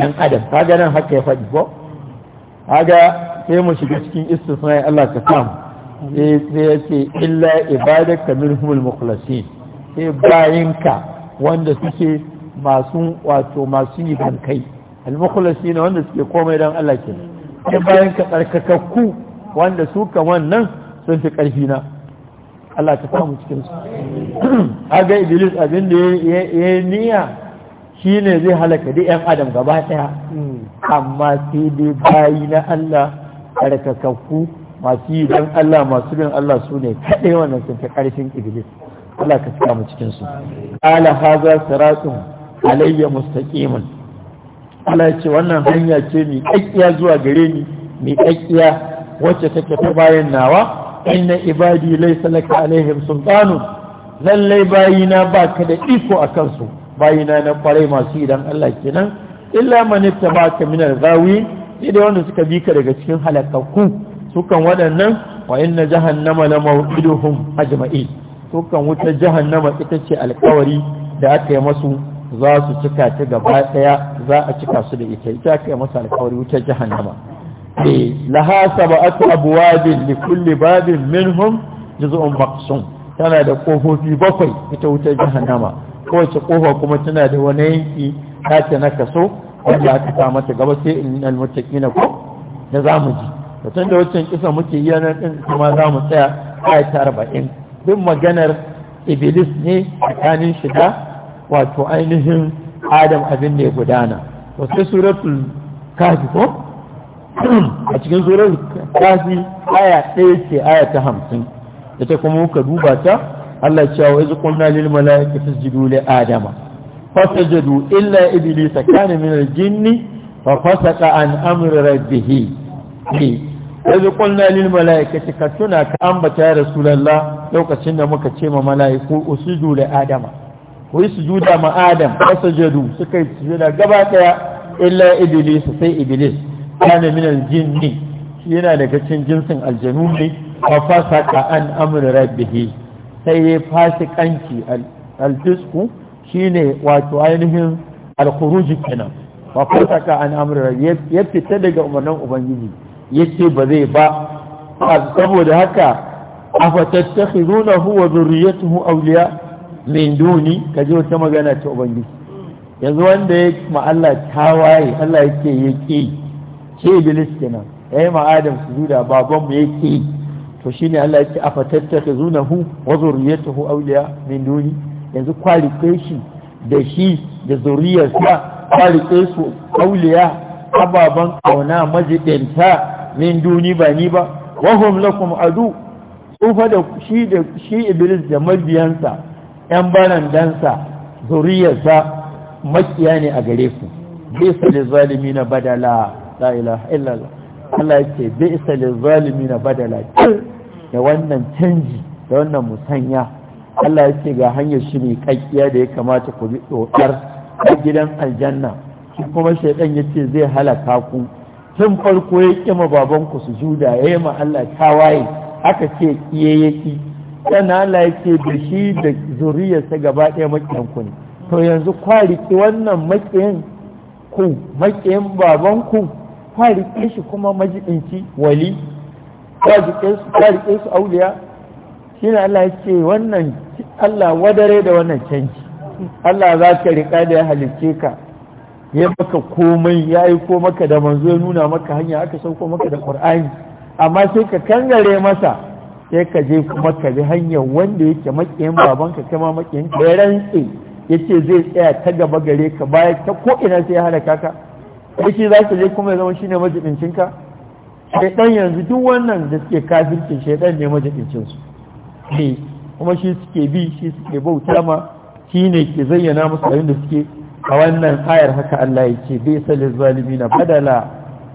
ɗan adam kaga nan haka ya faɗi ko kaga sai mu shiga cikin istisnai Allah ka samu sai eh, sai ya ce illa ibadaka minhumul mukhlasin sai eh, bayinka wanda suke masu wato masu yi kai almakulasi ne wanda suke komai don Allah ke ne bayan ka tsarkakakku wanda su kaman nan sun fi ƙarfi na Allah ta samu cikin su aga iblis abin da ya yi niyya shi ne zai halaka duk yan adam gaba daya amma sai dai bayi na Allah tsarkakakku masu yi don Allah masu bin Allah su ne kaɗai wannan sun fi ƙarfin iblis Allah ka samu cikin su ala haza siratun alayya mustaqimun Allah ya ce wannan hanya ce mai kakkiya zuwa gare ni mai kakkiya wacce take ta bayan nawa inna ibadi laysa laka alaihim sultanun lallai bayina ba ka da iko a kansu. bayina na ƙwarai masu idan Allah kenan illa man ittaba'aka min al-ghawi idan wanda suka bi ka daga cikin halakakku sukan waɗannan wa inna jahannama la mawqiduhum ajma'in sukan wuta jahannama ita ce alƙawari da aka yi masu za su cika ta gaba daya za a cika su da ita ita kai masa alkawari wutar jahannama eh laha sab'atu abwabin li kulli babin minhum juz'un maqsum tana da kofofi bakwai ita wutar jahannama kowace kofa kuma tana da wani yanki ta na kaso wanda aka sa mata gaba sai innal muttaqina ko da zamu ji to tunda wancan kisa muke yi na din kuma zamu tsaya ayat 40 duk maganar iblis ne tsakanin shi wato ainihin adam abin da ya gudana to sai suratul kafi ko a cikin suratul kafi aya ɗaya ce aya ta hamsin ita kuma muka duba ta Allah ya ce wa izqulna lil mala'ikati isjudu li adama fasajadu illa iblisa kana min al-jinni fa fasaqa an amri Wa yanzu kulna lil mala'ikati ka tuna ka ambata da rasulullah lokacin da muka ce ma mala'iku usujudu li adama ku yi sujuda ma adam wasajadu suka yi sujuda gaba daya illa iblis sai iblis kana min aljinni yana daga cikin jinsin aljanu ne fa fasaka an amri sai ya fasikanci alfisku shine wato ainihin alkhuruj kenan fa fasaka an amri rabbih ya fita daga umarnin ubangiji yace ba zai ba saboda haka afatattakhidunahu wa dhurriyyatuhu awliya' min duni ka ji wata magana ta ubangiji yanzu wanda ya ma Allah waye Allah yake yake ke bilis kenan yi ma adam zuda, baban mu yake to shine Allah yake hu wa zurriyatuhu awliya min duni yanzu kwali shi da shi da zuriyarsa kwalikai su awliya ababan kauna majidinta min duni ba ni ba wahum lakum adu tsufa da shi da shi iblis da mabiyansa ‘yan dansa zuriyarsa makiya ne a gare ku bisa sali zalimi na badala la ilaha Allah ce bisa sali zalimi na badala da wannan canji da wannan musanya Allah ce ga hanyar shi ne kakkiya da ya kamata ku bi tsotsar a gidan aljanna shi kuma shaidan ya ce zai halaka ku tun farko ya ma babanku su juda ya yi ma Allah tawaye aka ce ƙiyayyaki dan Allah da shi da zuriyarsa gaba ɗaya makiyan ku ne to yanzu kwariki wannan makiyan ku makiyan baban ku kwariki shi kuma majibinci wali kwariki su auliya shi ne Allah ce wannan Allah wadare da wannan canji Allah za ka riƙa da ya halicce ka ya maka komai ya aiko maka da manzo ya nuna maka hanya aka sauko maka da ƙur'ani amma sai ka kangare masa sai ka je kuma ka bi hanyar wanda yake makiyin babanka kama makiyin ka ya rantse ya ce zai tsaya ta gaba gare ka baya ta ko ina sai ya hana ka kai za ka je kuma ya zama shi ne majibincin ka dan yanzu duk wannan da suke kafircin shaidan ne majibincin su ne kuma shi suke bi shi suke bauta ma shi ne ke zayyana musu abin da suke a wannan ayar haka Allah ya ce bai salin zalimi na badala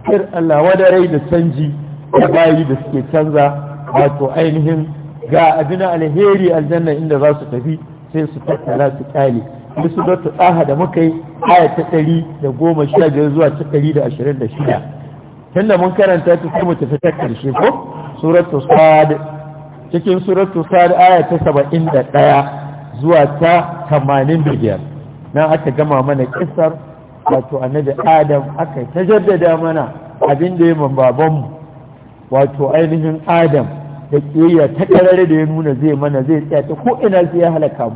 kir Allah wadarai da canji da bayi da suke canza wato ainihin ga abin alheri aljanna inda za su tafi sai su tattara su kyale su da tsaha da muka yi aya ta ɗari da goma sha biyar zuwa ta ɗari da ashirin da shida tunda mun karanta ta sai mu tafi ta ƙarshe ko suratu sad cikin suratu sad aya ta saba'in da ɗaya zuwa ta tamanin da biyar nan aka gama mana kisar wato annabi adam aka ta jaddada mana abin da ya babanmu wato ainihin adam da ta ƙarare da ya nuna zai mana zai tsaya ta ko ina zai ya halaka mu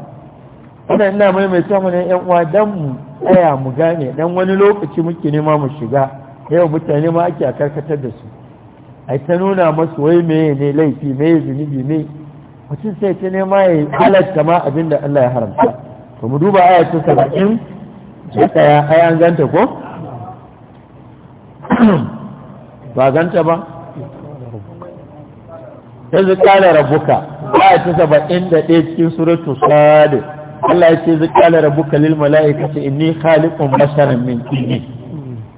ina ina maimaita mana yan uwa dan mu tsaya mu gane dan wani lokaci muke nema mu shiga yau mutane ma ake karkatar da su ai ta nuna masu wai meye ne laifi meye zunubi ne mutum sai ta nema ya halatta ma abin da Allah ya haramta to mu duba aya ta saba'in ya tsaya ai an ganta ko ba ganta ba yanzu kala rabuka ba ta saba'in da ɗaya cikin suratu sadu Allah ya ce zai kala rabbuka lil mala'ikati inni khaliqun basharan min tini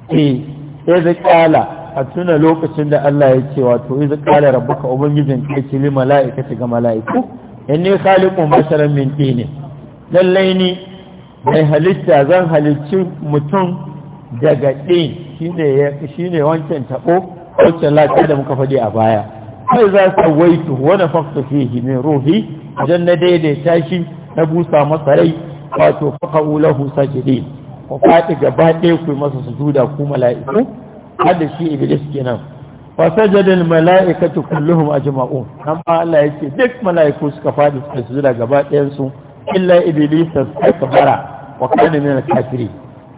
eh sai zai kala a tuna lokacin da Allah ya ce wato zai kala rabuka ubangijin kai ce lil mala'ikati ga mala'iku inni khaliqun basharan min tini lallai ni mai halitta zan halicci mutum daga ɗin shine wancan taɓo wancan lafiya da muka faɗi a baya sai za su waitu wani fakta fihi min ruhi wajen na daidaita shi na busa masa rai wato husa ke dai ku faɗi gaba ɗaya ku masa su sujuda ku mala'iku hada shi iblis kenan fa sajada al mala'ikatu kulluhum ajma'un nan ba Allah yake duk mala'iku suka faɗi suka sujuda gaba ɗayan su illa iblis takbara wa kana min kafiri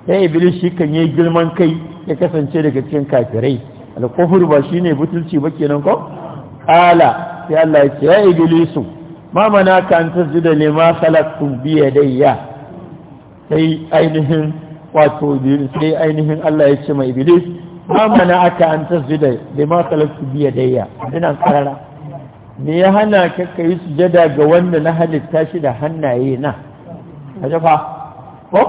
sai iblis shi kan yi girman kai ya kasance daga cikin kafirai al-kufr ba shine butulci ba kenan ko qala sai Allah ya ce ya iblisu ma manaka an ne lima khalaqtu bi yadayya sai ainihin wato sai ainihin Allah ya ce mai iblis ma mana aka an ne lima khalaqtu bi yadayya dinan karara me ya hana ka kai sujada ga wanda na halitta shi da hannaye na a jafa ko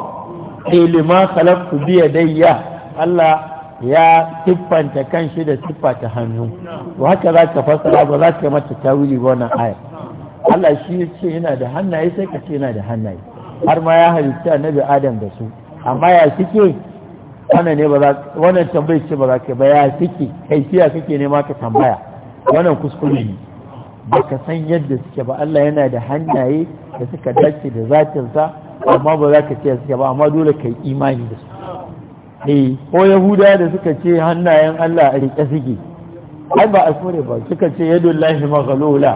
ilima eh, khalaqtu bi yadayya Allah ya siffanta shi da ta hannu ba haka za ka fassara ba za ka mata wuri ba wannan aya Allah shi ya ce yana da hannaye sai ka ce yana da hannaye har ma ya halitta annabi Adam da su amma ya suke wannan ne ba za wannan tambayar ce ba za ka ba ya suke kaifiya kake nema ka tambaya wannan kuskure ne ka san yadda suke ba Allah yana da hannaye da suka dace da zatinsa amma ba za ka ce suke ba amma dole ka yi imani da su eh ko yahuda da suka ce hannayen Allah a rike suke ai ba a kore ba suka ce yadullahi maghlula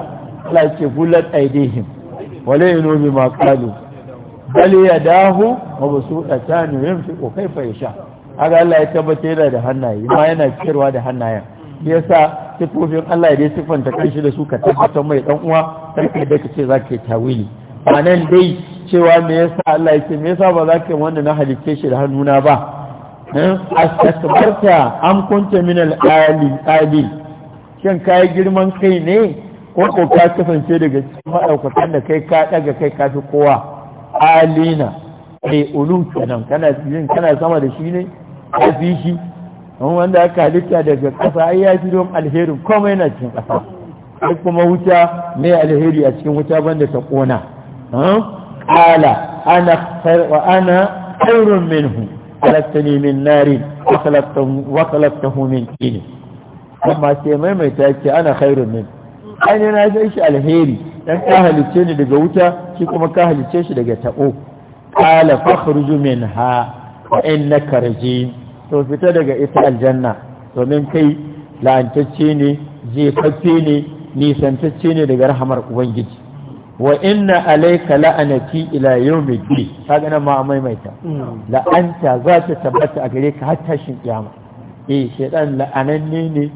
Allah ce gulat aidihim wala yunumi ma qalu bal yadahu mabsuutatan kai fa yasha aga Allah ya tabbata yana da hannaye ma yana kirwa da hannayen yasa sifofin Allah ya dai siffanta kanshi da su ka tabbata mai dan uwa sai da kace zaka yi tawili anan dai cewa me yasa Allah yake me yasa ba za ka yi wanda na halicce shi da hannuna ba Eh, astakbarta am kunta min al-ali kin kai girman kai ne ko ko ka kasance daga cikin madaukakan da kai ka daga kai ka fi kowa alina ai eh, ulu kana jin kana sama da shi ne ka fi shi wanda aka halitta daga kasa ai ya fi don alherin komai yana cikin kasa sai kuma wuta ne alheri a cikin wuta banda ta kona qala eh, ana khair wa ana khairun minhu خلقتني من نار وخلقته, وخلقته من amma sai maimaita ce ana khairun min ainihin na zai shi alheri dan ka halicce ni daga wuta shi kuma ka halicce shi daga taɓo ƙala fakhruju min ha wa innaka rajim to fita daga ita aljanna domin kai la'antacce ne jefaffe ne nisantacce ne daga rahamar ubangiji wa inna alayka la'anati ila yawmiddin kaga nan ma maimaita la'anta za ta tabbata a gare ka har tashin kiyama eh shedan la'ananne ne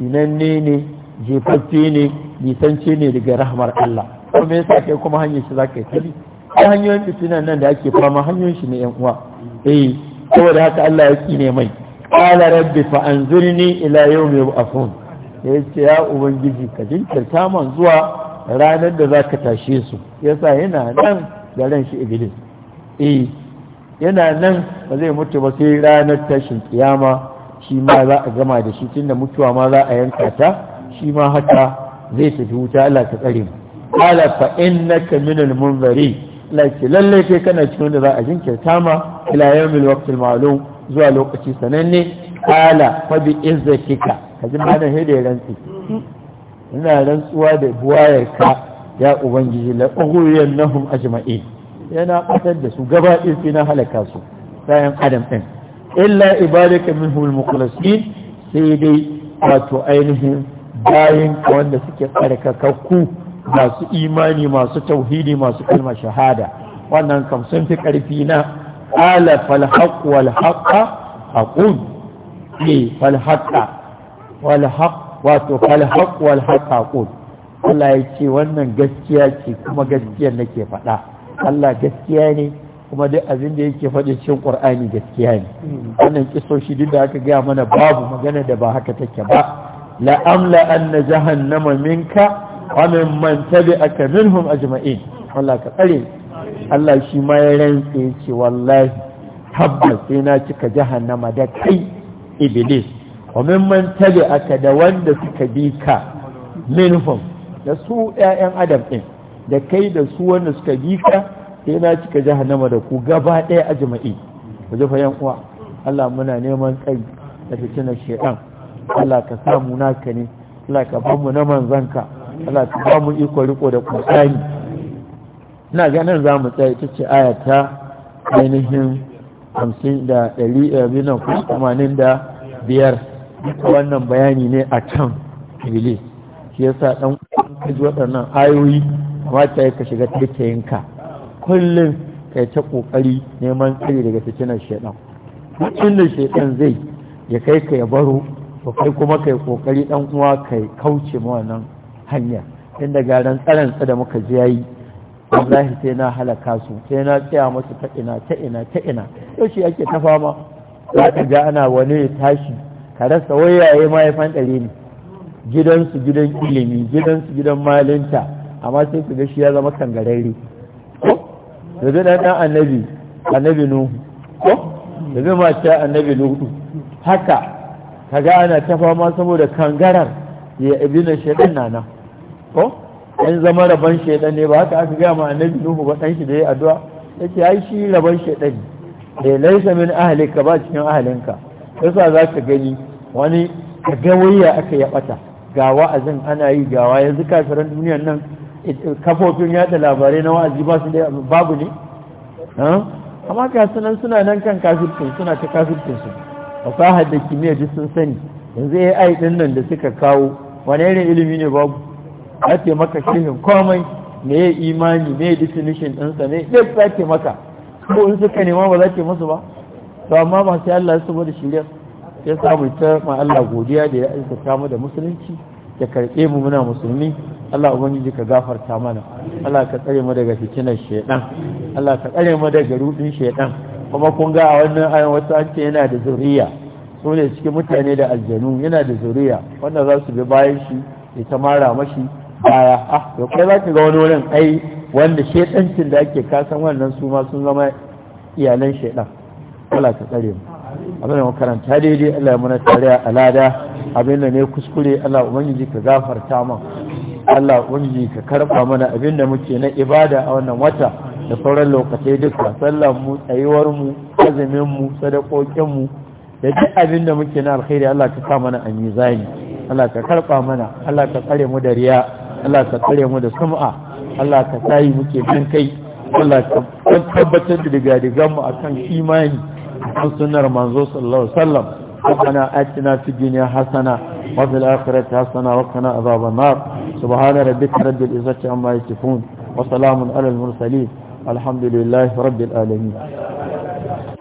inanne ne ne bisance ne daga rahmar Allah ko me yasa kai kuma hanyar shi zaka yi tabi ai hanyoyin fitinan nan da ake fama hanyoyin shi ne yan uwa eh saboda haka Allah ya kine mai qala rabbi fa anzurni ila yawmi yub'athun yace ya ubangiji ka jinkirta man zuwa ranar da za ka tashe su yasa yana nan da ran shi iblis E, yana nan ba zai mutu ba sai ranar tashin kiyama shi ma za a gama da shi tunda mutuwa ma za a yanka ta shi ma haka zai tafi wuta Allah ta tsare mu qala fa innaka minal munzari laki lalle kai kana cikin da za a jinkirta ma ila yawmil waqtil ma'lum zuwa lokaci sananne qala fa bi izzatika kaji ma da hede rantsi ina rantsuwa da ka ya ubangiji la uhuriyan nahum ajma'in yana batar da su gaba ɗaya na halaka su sayan adam ɗin illa ibadaka min al-mukhlasin sai dai wato ainihin bayin ka wanda suke tsarkakakku masu imani masu tauhidi masu kalmar shahada wannan kam sun fi ƙarfi na ala fal haqq wal aqul ne eh, fal haqqa wal haqq wato fal haq wal Allah ya ce wannan gaskiya ce kuma gaskiyar nake faɗa Allah gaskiya ne kuma duk abin da yake faɗi cikin Qur'ani gaskiya ne wannan kisoshi duk da aka gaya mana babu magana da ba haka take ba la amla anna jahannama minka wa mimman tabi'aka minhum ajma'in Allah ka tsare Allah shi ma ya rantse ya ce wallahi tabbas sai na cika jahannama da kai iblis wa mimman aka da wanda suka bi ka minhum da su ƴaƴan adam din da kai da su wanda suka bi ka sai na cika jahannama da ku gaba ɗaya a ku ji fayan uwa Allah muna neman tsayi da fitinar shedan Allah ka samu naka ne Allah ka ba mu na manzanka Allah ka ba mu iko riko da kusani ina ganin za mu tsaye ta ce ta ainihin hamsin da ɗari eh, da biyar duka wannan bayani ne a can fili shi yasa dan ka ji waɗannan ayoyi kamata ya ka shiga taitayinka kullum kai ta kokari neman tsari daga fitinar shaidan mutum da shaidan zai ya kai ka ya baro to kai kuma kai kokari ɗan uwa kai kauce ma wannan hanya inda garan tsaransa da muka ji yayi wallahi sai na halaka su sai na tsaya masu ta ina ta ina ta ina yau shi ake ta fama za ka ga ana wani tashi ka rasa wayaye mahaifan ɗari ne gidansu gidan ilimi gidansu gidan malinta amma sai su ga shi ya zama kangararre ko da zai ɗan annabi annabi nuhu ko da zai a annabi nuhu haka ka ga ana ta fama saboda kangarar ya ibi na shaɗan nana ko ɗan zama rabon shaɗan ne ba haka aka gaya ma annabi nuhu ba ɗan shi da ya addu'a ya ce ai shi rabon shaɗan ne eh, laisa min ahalinka ba cikin ahalinka yasa za ka gani wani ka ga waya aka ya bata ga wa'azin ana yi ga waya yanzu kafiran duniyan nan kafofin yada labarai na wa'azi ba su da babu ne amma ga sunan suna nan kan kafircin suna ta kafircin su fasahar da kimiyya duk sun sani yanzu AI din nan da suka kawo wani irin ilimi ne babu a ce maka shirin komai me ya imani me ya definition ɗinsa ne duk za maka ko in suka nema ba za ke musu ba to amma masu sai Allah ya saboda shirya ya samu ta ma Allah godiya da ya aikata mu da musulunci ya karbe mu muna musulmi Allah ubangiji ka gafarta mana Allah ka tsare mu daga fitinar shaytan Allah ka tsare mu daga ruɗin shaytan kuma kun ga a wannan ayan wasu an ce yana da zuriya su ne cikin mutane da aljanu yana da zuriya wanda za su bi bayan shi ya ta mara mashi baya ah to kai za ki ga wani wurin ai wanda shaytancin da ake kasan wannan su ma sun zama iyalan shaytan Allah ka tsare mu abin da makaranta daidai Allah ya muna tare a alada abin da ne kuskure Allah ubangiji ka gafarta mu Allah ubangiji ka karba mana abin da muke na ibada a wannan wata da sauran lokacin duka sallar mu tsayuwar mu azumin mu sadakokin mu da duk abin da muke na alkhairi Allah ka sa mana a mizani Allah ka karba mana Allah ka tsare mu da riya Allah ka tsare mu da sum'a Allah ka yi muke kan kai Allah ka tabbatar da diga-digan mu akan imani عن سنة منظور صلى الله عليه وسلم ربنا آتنا في الدنيا حسنة وفي الآخرة حسنة وقنا عذاب النار سبحان ربك رب العزة عما يصفون وسلام على المرسلين الحمد لله رب العالمين